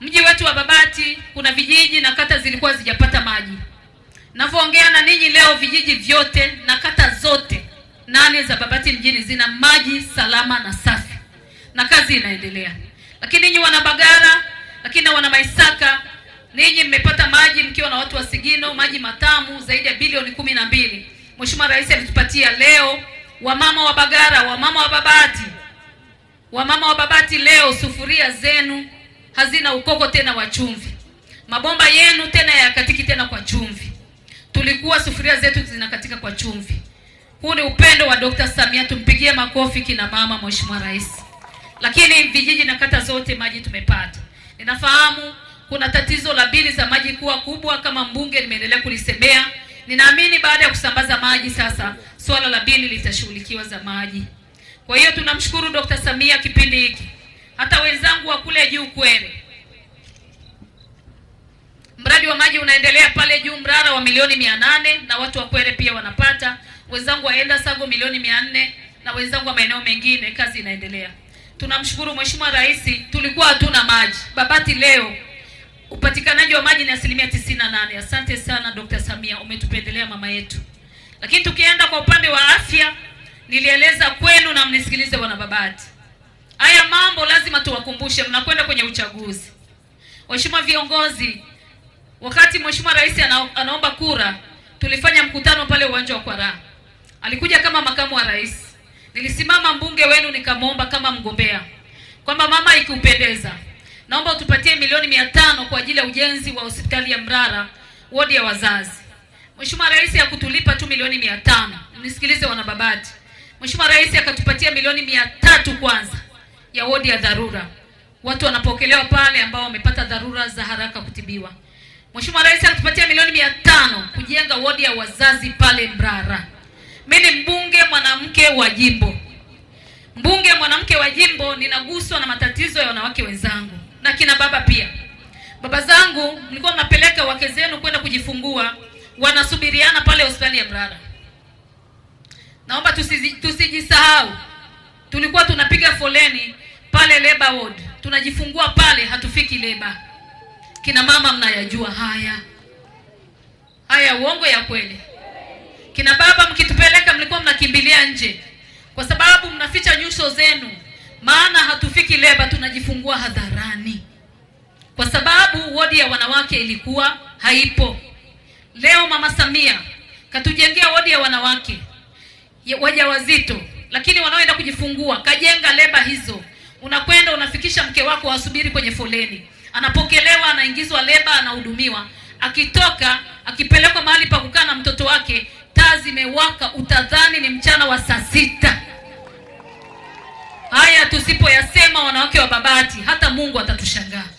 Mji wetu wa Babati kuna vijiji na kata zilikuwa zijapata maji. Navyoongea na ninyi leo, vijiji vyote na kata zote nane za Babati mjini zina maji salama na safi, na kazi inaendelea. Lakini ninyi wana Bagara, lakini na wana Maisaka, ninyi mmepata maji mkiwa na watu wa Sigino, maji matamu zaidi ya bilioni kumi na mbili. Mheshimiwa Rais alitupatia leo. Wamama wa Bagara, wamama wa Babati, wamama wa Babati, leo sufuria zenu hazina ukoko tena wa chumvi, mabomba yenu tena yakatiki tena kwa chumvi, tulikuwa sufuria zetu zinakatika kwa chumvi. Huu ni upendo wa Dr. Samia, tumpigie makofi kina mama, Mheshimiwa Rais. Lakini vijiji na kata zote maji tumepata. Ninafahamu kuna tatizo la bili za maji kuwa kubwa, kama mbunge nimeendelea kulisemea. Ninaamini baada ya kusambaza maji sasa swala la bili litashughulikiwa za maji. Kwa hiyo tunamshukuru Dr. Samia kipindi hiki hata wenzangu wa kule juu kwenu. Mradi wa maji unaendelea pale juu Mrara wa milioni mia nane na watu wa Kwere pia wanapata, wenzangu waenda Sago milioni mia nne na wenzangu wa maeneo mengine, kazi inaendelea. Tunamshukuru Mheshimiwa Rais, tulikuwa hatuna maji. Babati leo upatikanaji wa maji ni asilimia tisini nane. Asante sana Dr. Samia, umetupendelea mama yetu. Lakini tukienda kwa upande wa afya, nilieleza kwenu na mnisikilize wana Babati. Haya mambo lazima tuwakumbushe, mnakwenda kwenye uchaguzi. Waheshimiwa viongozi, wakati Mheshimiwa Rais anaomba kura, tulifanya mkutano pale uwanja wa Kwara. Alikuja kama makamu wa rais, nilisimama mbunge wenu nikamwomba kama mgombea kwamba mama, ikiupendeza, naomba utupatie milioni mia tano kwa ajili ya ujenzi wa hospitali ya Mrara wodi ya wazazi. Mheshimiwa Rais hakutulipa tu milioni mia tano. Nisikilize wanababati, Mheshimiwa Rais akatupatia milioni mia tatu kwanza ya wodi ya dharura, watu wanapokelewa pale ambao wamepata dharura za haraka kutibiwa. Mheshimiwa Rais alitupatia milioni mia tano kujenga wodi ya wazazi pale Mrara. Mimi ni mbunge mwanamke wa jimbo, mbunge mwanamke wa jimbo, ninaguswa na matatizo ya wanawake wenzangu na kina baba pia. Baba zangu, mlikuwa mnapeleka wake zenu kwenda kujifungua, wanasubiriana pale hospitali ya Mrara. Naomba tusijisahau, tulikuwa tunapiga foleni pale Labor Ward, tunajifungua pale, hatufiki leba. Kina mama mnayajua haya haya, uongo ya kweli? Kina baba mkitupeleka, mlikuwa mnakimbilia nje kwa sababu mnaficha nyuso zenu, maana hatufiki leba, tunajifungua hadharani kwa sababu wodi ya wanawake ilikuwa haipo. Leo Mama Samia katujengea wodi ya wanawake wajawazito, lakini wanaoenda kujifungua kajenga leba hizo unakwenda unafikisha mke wako asubiri kwenye foleni, anapokelewa, anaingizwa leba, anahudumiwa, akitoka, akipelekwa mahali pa kukaa na mtoto wake, taa zimewaka, utadhani ni mchana wa saa sita. Haya tusipoyasema wanawake wa Babati, hata Mungu atatushangaa.